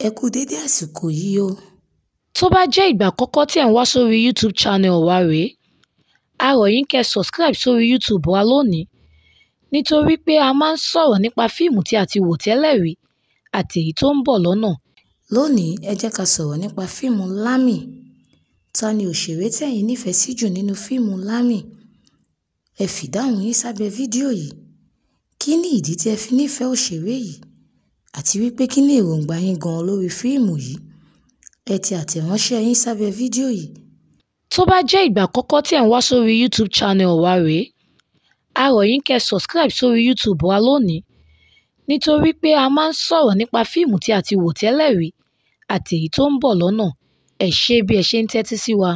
ẹ kú déédé àsìkò yìí o. tó bá jẹ́ ìgbà àkọ́kọ́ tí ẹ̀ ń wá sórí youtube channel wa rèé a rọ̀ yín kẹ́ subscribe sórí youtube wa lónìí nítorí pé a máa ń sọ̀rọ̀ nípa fíìmù tí a ti wò tẹ́lẹ̀ rí àti èyí tó ń bọ̀ lọ́nà. lónìí ẹ jẹ́ ká sọ̀rọ̀ nípa fíìmù Lámì ta ni òṣèré tẹ̀yin nífẹ̀ẹ́ sí jù nínú fíìmù Lámì ẹ fìdáhùn yín sábẹ́ fídíò yìí kí ni ìdí tí ẹ fi nífẹ̀ẹ́ òṣèré yìí àti wípé kí ni èròǹgbà yín gan-an lórí fíìmù yìí? Ẹ tẹ àtẹ̀ránṣẹ́ yín sábẹ́ fídíò yìí. Tó bá jẹ́ ìgbà àkọ́kọ́ tí ẹ̀ ń wá sórí YouTube channel wa rèé, a rọ̀ yín kẹ́ ẹ subscribe sórí YouTube wa lónìí nítorí pé a máa ń sọ̀rọ̀ nípa fíìmù tí a ti wò tẹ́lẹ̀ rí àti èyí tó ń bọ̀ lọ́nà. Ẹ ṣé bí ẹ ṣe ń tẹ́tí sí wa.